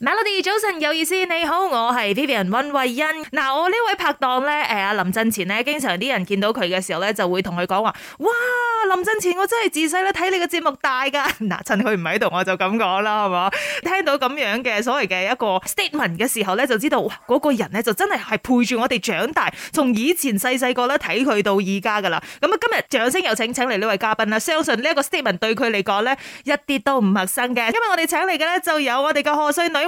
Melody 早晨有意思，你好，我係 Vivian 溫慧欣。嗱、啊，我呢位拍檔咧，誒，阿林振前咧，經常啲人見到佢嘅時候咧，就會同佢講話，哇，林振前，我真係自細咧睇你個節目大噶。嗱、啊，趁佢唔喺度，我就咁講啦，係嘛？聽到咁樣嘅所謂嘅一個 statement 嘅時候咧，就知道嗰、那個人咧就真係係陪住我哋長大，從以前細細個咧睇佢到而家噶啦。咁啊，今日掌聲有請請嚟呢位嘉賓啦，相信呢一個 statement 對佢嚟講咧一啲都唔陌生嘅。因為我哋請嚟嘅咧就有我哋嘅賀歲女。